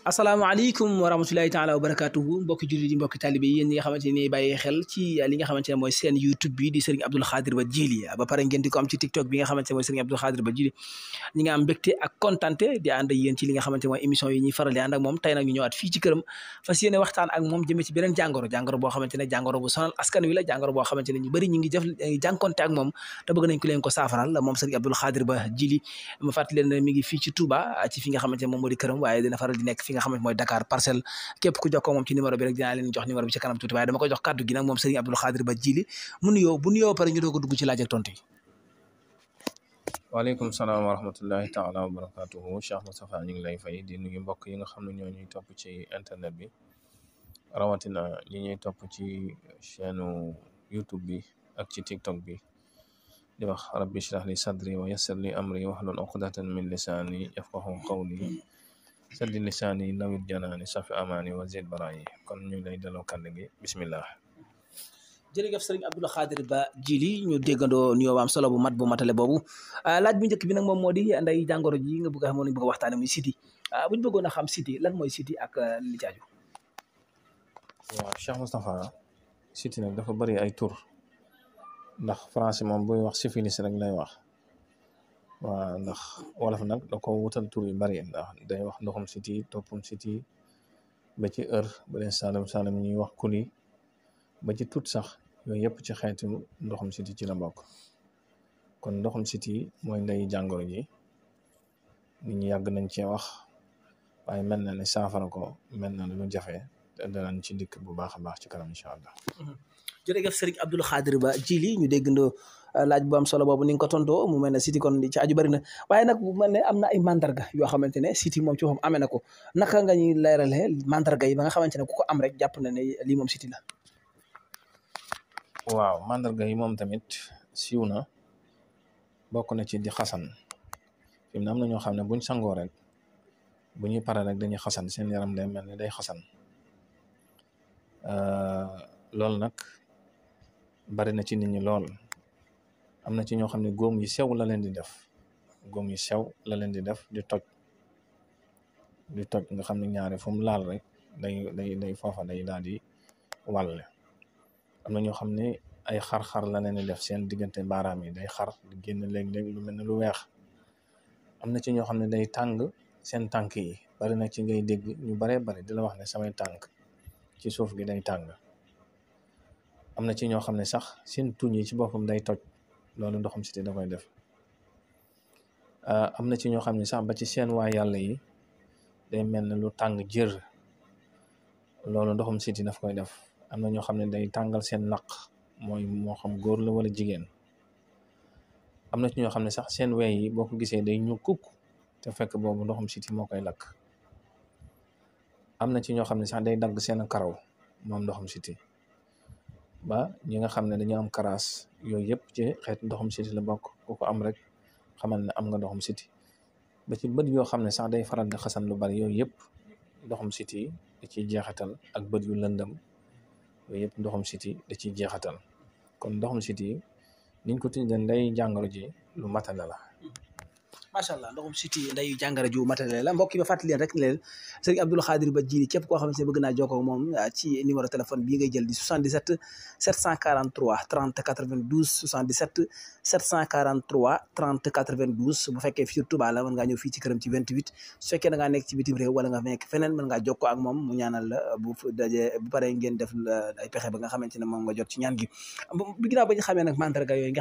asalaamaaleykum wa rahmatulahi taala wa barakatuhu mbokki jullit yi mbokki talibe yi yéen ñi nga xamante ne bàyyi xel ci li nga xamante ne mooy seen youtube bi di Serigne Abdoul Khadir Ba Djily ba pare ngeen di ko am ci tiktok bi nga ne mooy Serigne Abdoul Khadir am mbégte ak kontante di ànd ak ci li nga mooy émission yi ñuy moom tey nag ñu ñëwaat fii ci këram fas waxtaan ak moom jëmee ci beneen jàngoro jàngoro boo xamante ne jàngoro bu askan wi la jàngoro boo xamante ne ñu bëri ngi jëf jànkonte ak moom te bëgg nañ ko leen ko saafaral moom fi nga xam ne mooy Dakar parcelle képp ku jokkoo moom ci numéro bi rek dinaa leen jox numéro bi ci kanam tuuti waaye dama koy jox kàddu gi nag moom Serigne Abdoul Khadir Ba Jili mu nuyoo bu nuyoo pare ñu doog a dugg ci laaj ak tontu yi salaam wa rahmatullahi taala wa barakatuhu Cheikh Moustapha ñu ngi lay fay di nuyu mbokk yi nga xam ne ñoo ñuy topp ci internet bi rawatina ñi ñuy topp ci chaîne YouTube bi ak ci TikTok bi di wax rabbi shrah li sadri wa yassir li amri wax uqdatan min lisani yafqahu saddi lisaani nawit janaani safi amaani wa zid kon ñu lay delloo kàddu gi bismillah jërëjëf sëriñ Abdoul Khadir Ba jili ñu déggandoo nuyoo am solo bu mat bu matale boobu ah, laaj bu njëkk bi nag moom moo di nday jàngoro ji nga bëgg a xam ñu bëgg a waxtaane muy siti ah, bëggoon a xam siti lan mooy siti ak ah, li caaju waaw Cheikh nag dafa bari ay tur ndax français moom buy wax syphilis rek lay wax wa ndax wolof nag da ko wutal tur yu bari ndax day wax ndoxum siti toppum siti ba ci ër ba leen saalum saalum ñuy wax kuli ba ci tut sax yooyu yëpp ci xeetu ndoxum siti ci la bokk kon ndoxum siti mooy ndeyu jàngoro ji nit ñi yàgg nañ cee wax waaye mel na ne saafara ko mel na ne lu jafe te danañ ci dikk bu baax a baax ci kanam incha allah. Euh, laaj bu solo boobu ni nga ko tontoo mu mel ne City kon ci aju bëri na waaye nag bu mel ne am na ay mandarga yoo xamante ne City moom ci boppam amee ko naka nga ñuy leeralee mandarga yi ba ne ku ko am rek jàpp na ne lii moom City la. waaw mandarga yi moom tamit siiw na bokk na ci di xasan fi mu ne am na ñoo xam ne buñ sangoo rek bu ñuy paree rek dañuy xasan seen yaram day mel ni day xasan euh, loolu nag bari na ci nit ñi lool. am na ci ñoo xam ne góom yu sew la leen di def góom yu sew la leen di def di toj di toj nga xam ne ñaare fu laal rek day day day foofa day daal di wàlle am na ñoo xam ne ay xar-xar la leen di def seen diggante baaraam yi day xar di génn léeg-léeg lu mel ne lu weex am na ci ñoo xam ne day tàng seen tànk yi bari na ci ngay dégg ñu baree bari di la wax ne samay tànk ci suuf gi day tàng am na ci ñoo xam ne sax seen tuñ yi ci boppam day toj loolu ndoxum siti da koy def ah, am na ci ñoo xam ne sax ba ci seen waa yàlla yi day mel ne lu tàng jër loolu ndoxum siti daf koy def am na ñoo xam ne day tàngal seen naq mooy moo xam góor la wala jigéen am na ci ñoo xam ne sax seen wey yi boo ko gisee day ñu kukk te fekk boobu ndoxum siti moo koy lakk am na ci ñoo xam ne sax day dagg seen karaw moom ndoxum siti ba ñi nga xam ne dañu am karaas yooyu yëpp ci xeetu ndoxum siti la bokk ku ko am rek xamal ne am nga ndoxum siti ba ci bët yoo xam ne sax day faral di xasan lu bari yooyu yëpp ndoxum siti da ciy jeexatal ak bët yu lëndëm yooyu yëpp ndoxum siti da ciy jeexatal kon ndoxum siti niñ ko tuddee nday jàngoro ji lu matala la macha allah ndoxum siti ndeyu jàngara ju matale la mbokk yi ba fàttali leen rek ne leen sëriñ Abdoul Khadir Ba Djily képp koo xam ne bëgg naa jokkoo moom ah, ci numéro téléphone bii ngay jël di 77 743 30 92 77 743 30 92 bu fekkee fii Touba la mën ñëw fii ci ci 28 su fekkee da ngaa nekk ci bitim réew wala nga feneen mën ngaa jokkoo ak moom mu ñaanal bu dajee ngeen def ay pexe ba nga xamante ne moom nga jot ci ñaan gi bi ginnaaw ba ñu xamee nag mandarga yooyu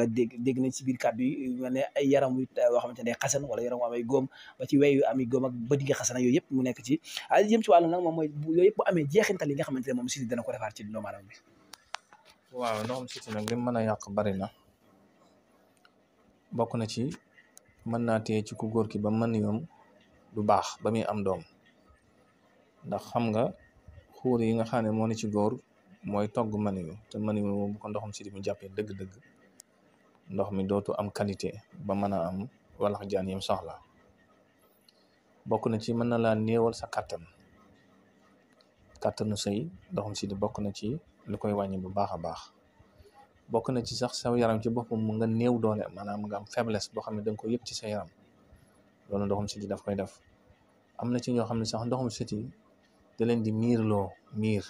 nga nga dégg dégg nañ si biir kàddu yi mel ne ay yaram yu woo ne xasan wala yaram wu amay góom ba ci wey yu amay góom ak bët yi nga xasan yooyu yëpp mu nekk ci ay ah, jëm ci wàllu nag moom mooy yooyu yëpp bu amee jeexintal yi nga xamante ne moom siti ko defaat ci doomu aadama bi waaw ndoxam siti nag li mu mën a yàq bari na bokk na ci mën naa téye ci ku góor ki ba mën yoom du baax ba muy am doom ndax xam nga xuur yi nga xam ne moo ne ci góor mooy togg maniyu te maniyu moom bu ko ndoxam siti mu jàppee dëgg-dëgg ndox mi dootu am qualité ba mën a am walax jaan yim soxla bokk na ci mën na laa néewal sa kàttan kàttanu sëy ndoxum si di bokk na ci lu koy wàññi bu baax a baax bokk na ci sax sax yaram ci boppam mu nga néew doole maanaam nga am faiblesse boo xam ne da nga ko yëg ci sa yaram loolu ndoxum siti daf koy def am na ci ñoo xam ne sax ndoxum siti da leen di miirloo miir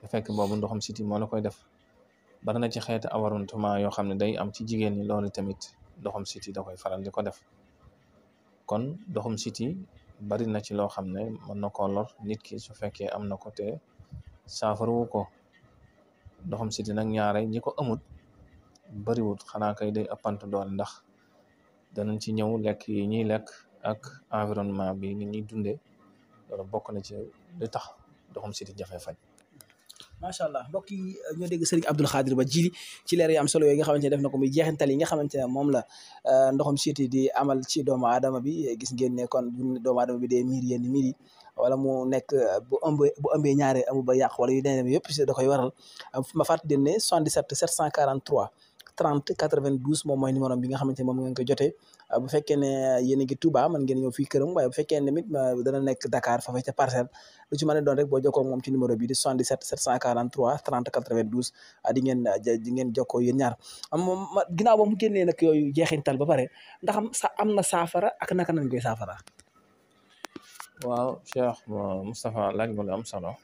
te fekk boobu ndoxum siti moo la koy def bari na ci xeet xeeti awaruntument yoo xam ne day am ci jigéen ñi loolu tamit doxum siti da koy faral di ko def kon doxum siti bari na ci loo xam ne mën na koo lor nit ki su fekkee am na ko te saafarawu ko doxum siti nag ñaare ñi ko amut bariwut xanaa kay day ëppantu doole ndax danañ ci ñëw lekk yi ñuy lekk ak environnement bi ni ñuy dunde loolu bokk na ci li tax doxum siti jafe faj macha allah mbokk yi ñoo dégg Ba jili ci leer yi am solo yooyu nga xamante ne def na ko muy jeexintal yi nga xamante ne moom la euh, ndoxum siiti di amal ci doom aadama bi gis ngeen ne kon doomu aadama bi de miir yenn miir yi wala mu nekk euh, bu ëmbee bu ñaare amu ba yàq wala yu demee yëpp da koy waral ma fàttali ne 77 743 30 92 mom mooy numéro bi nga xamante ne moom ngeen ko jotee ah, bu fekkee ne ah, yéen a ngi Touba man ngeen ñëw fii këram waaye bu fekkee ne mi ah, dana nekk Dakar fa fa ca parcelle lu ci mën a doon rek boo jokkoo moom ci numéro bi di 77 743 30 92 di ngeen di ngeen jokkoo yéen ñaar moom ginnaaw ba mu génnee nag yooyu jeexintal ba pare ndax sa am na saafara ak naka nañ koy saafara waaw Cheikh Moustapha laaj nga lu am solo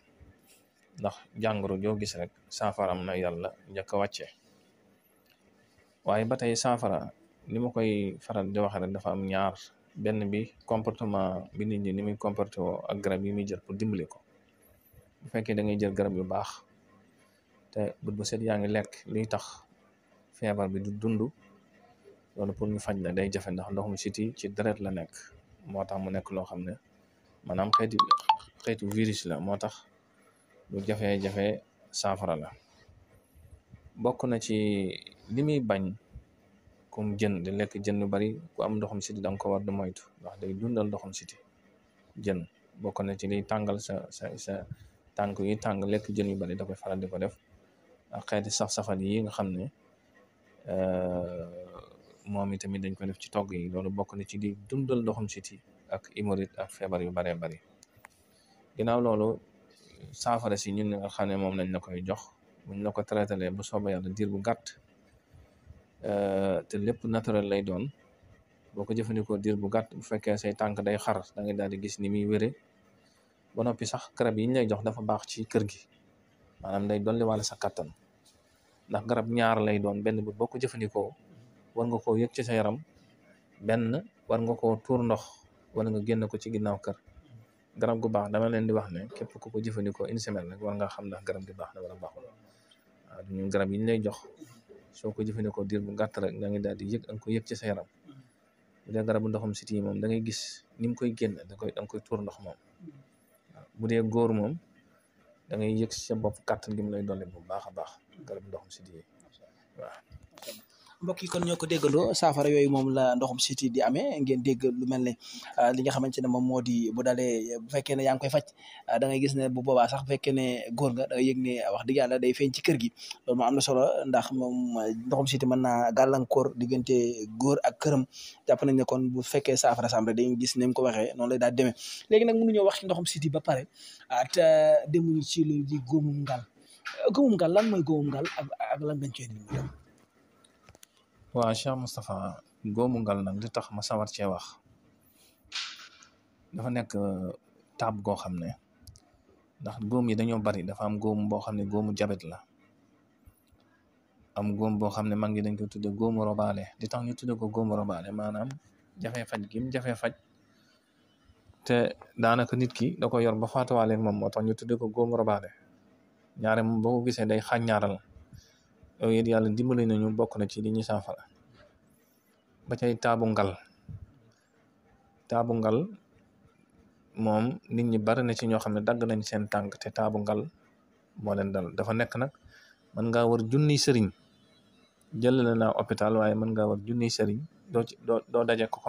ndax jàngoro joo gis rek saafaram na yàlla njëkk a wàccee waaye ba tey saafara ni ma koy faral di rek dafa am ñaar benn bi comportement bi nit ñi ni muy comporté woo ak garab yi muy jël pour dimbali ko bu fekkee da ngay jël garab yu baax te bët bu set yaa ngi lekk luy tax feebar bi du dund loolu pour ñu fañ la day jafe ndax ndoxum siti ci deret la nekk moo tax mu nekk loo xam ne maanaam xeeti xeetu virus la moo tax lu jafe-jafe saafara la bokk na ci li muy bañ comme jën di lekk jën yu bari ku am ndoxum siti danga ko war di moytu ndax day dundal ndoxum siti jën bokk na ci li tàngal sa sa sa tànk yi tàng lekk jën yu bari da koy faral di def ak xeeti sax safal yi nga xam ne euh, moom itamit dañ ko def ci toog yi loolu bokk na ci di dundal ndoxum siti ak imorit ak feebar yu baree bari ginnaaw loolu saafara si ñun nga xam ne moom lañ la koy jox bu ñu la ko le bu soobee yàlla diir bu gàtt euh, te lépp naturel lay doon boo ko jëfandikoo diir bu gàtt bu fekkee say tànk day xar da daal di gis ni muy wére ba noppi sax garab yi lay jox dafa baax ci kër gi maanaam day dolli wàll sa kattan ndax garab ñaar lay doon benn bi boo ko jëfandikoo war nga koo yëg ci sa yaram benn war nga koo tuur ndox wala nga génn ko ci ginnaaw kër garab gu baax dama leen di wax ne képp ku ko jëfandikoo une semaine rek war nga xam ndax garab gi baax na wala baaxul waaw du ñu garab yi ñu lay jox soo ko jëfandikoo diir bu gàtt rek da ngay daal di yëg da koy yëg ci sa yaram bu dee garabu ndoxam siti yi moom da ngay gis ni koy génn da koy da nga tuur ndox moom bu dee góor moom dangay ngay ci sa bopp kàttan gi mu lay dolli bu baax a baax garabu ndoxam siti yi waaw mbokk yi kon ñoo ko déggandoo saafara yooyu moom la ndoxum siti di amee ngeen dégg lu mel ne ah, li nga xamante ne moom moo di bu dalee bu fekkee ne yaa ngi koy faj ah, da ngay gis ne bu boobaa sax bu fekkee ne góor nga da ngay yëg wax dëgg yàlla day feeñ ci kër gi loolu am na solo ndax moom ndoxum siti mën naa gàllankoor diggante góor ak këram jàpp nañ ne kon bu fekkee saafara sam rek dañuy gis ni ko waxee noonu lay daal demee léegi nag mënuñoo wax ci ndoxum siti ba pare ah, te demuñu ci lu di góomum ngal ngal lan mooy góomum ngal ak lan lañ cee waaw Cheikh Moustapha góomu ngal nag li tax ma sawar cee wax dafa nekk euh, taab goo xam ne ndax góom yi dañoo bari dafa am góom boo xam ne góomu jabet la am góom boo xam ne mag dañ ko tudde góomu di tax ñu tudde ko góomu robaale maanaam jafe faj gim jafe faj te daanaka nit ki da ko yor ba faatuwaale moom moo tax ñu tudde ko góomu robaale ñaare moom boo ko day xañ ñaaral yooyu it yàlla dimbali nañu bokk na ci li ñuy saafara ba cay taabu ngal taabu ngal moom nit ñi bari na ci ñoo xam ne dagg nañ seen tànk te taabu ngal moo leen dal dafa nekk nag mën ngaa war junni sëriñ jël la naa hôpital waaye mën ngaa war junniy sëriñ doo ci doo daje ko ko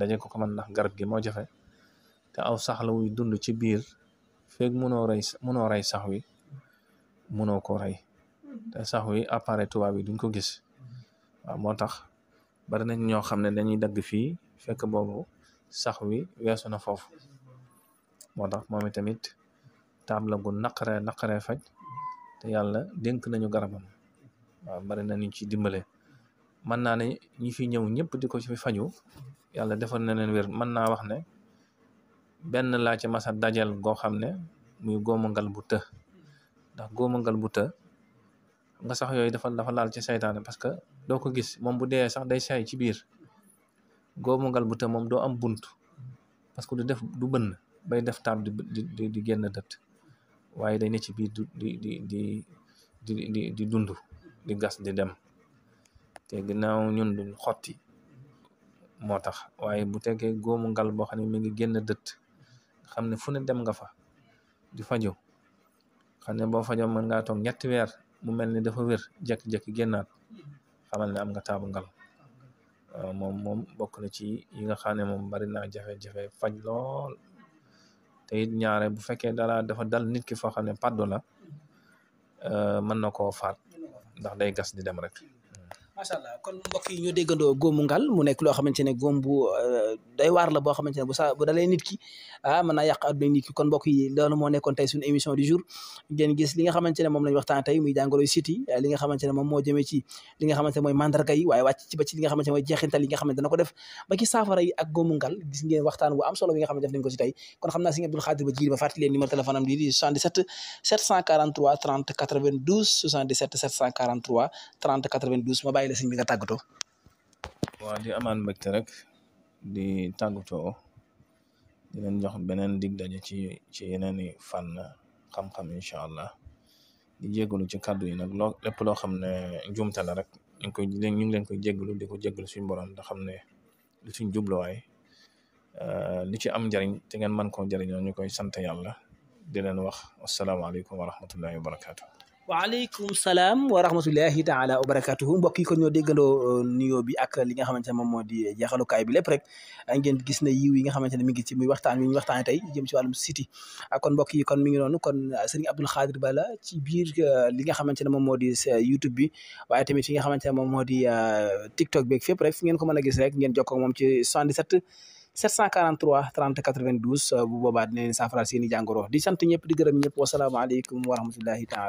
daje ko ko ndax garab gi moo jafe te aw sax la wuy dund ci biir feeg mënoo rey mënoo rey sax wi mënoo ko rey te sax wi appareil tubaab yi duñ ko gis waaw moo tax bari nañ ñoo xam ne dañuy dagg fii fekk boobu sax wi weesu na foofu moo tax moom itamit taab la gu naqaree faj te yàlla dénk nañu garabam waaw bari na ñu ci dimbale mën naa ne ñi fi ñëw ñëpp di ko ci faju yàlla defal na leen wér mën naa wax ne benn laa ci masa dajal goo xam ne muy góomangal bu të ndax góomangal bu të nga sax yooyu dafa dafa laal ci saytaane parce que doo ko gis moom bu dee sax day saay ci biir góobu ngal bu te moom doo am bunt parce que du def du bënn bay def taab di di dëtt waaye day ne ci biir du di di di di dund di gas di dem te ginnaaw ñun duñ xotti moo tax waaye bu tekkee góomu ngal boo xam ne mi ngi génn dëtt xam ne fu ne dem nga fa di fajo xam ne boo fajo mën ngaa toog ñetti weer mu mel ni dafa wér jekki-jekki génnaat xamal ne am nga taabu ngal moom moom bokk na ci yi nga xam ne moom bari naa jafe-jafe faj lool te it ñaare bu fekkee dara dafa dal nit ki foo xam ne paddu la euh, mën na koo faat ndax day gas di dem rek macha allah kon mbokk ñoo déggandoo góomu ngal mu nekk loo xamante ne góom euh, day waar la boo xamante ne bu sa bu dalee nit ki ah mën naa yàq kon mbokk yi loolu moo nekkoon tey suñu émission du jour ngeen moom moo jëmee ci li nga xamante mooy mandarga waaye wàcc ci ba ci li nga xamante ne mooy jeexintal yi nga xamante dana ko def ba ci saafara ak góomu ngal gis ngeen waxtaan bu am solo bi nga xamante def kon xam naa si nga Abdou ba jiir ba bàyyi la sëñ bi nga tàggatoo. waaw di amaan mbégte rek di tàggatoo di leen jox beneen dig daje ci ci yeneen i fànn xam-xam incha allah di jégalu ci kàddu yi nag loo lépp loo xam ne njuumte la rek ñu ngi koy ñu ngi leen koy jégalu di ko jégalu suñu borom te xam ne lu suñ jubluwaay euh, li ci am njariñ te ngeen mën koo jariñoo ñu koy sant yàlla de leen wax asalaamaaleykum wa rahmatullahi wa barakaatu. waaleykum salaam wa ta taala wa barakatuhu mbokk yi ko ñoo déggandoo euh, nuyoo bi ak li nga xamante ne moom moo di jeexalukaay bi lépp rek ngeen gis na yiw yi nga xamante ne mi ngi ci muy waxtaan wi ñu waxtaane tey jëm ci wàllum siti kon mbokk yi kon mi ngi noonu kon euh, sëriñ Abdul Xaadir Bala ci biir euh, li nga xamante ne moom moo di YouTube bi waaye tamit fi nga xamante ne moom moo di TikTok beeg fépp rek fi ngeen ko mën a gis rek ngeen jokkoo moom ci 77 743 30 92 bu boobaa dina leen jàngoro di sant ñëpp di gërëm ñëpp wasalaamaaleykum wa rahmatullahi taala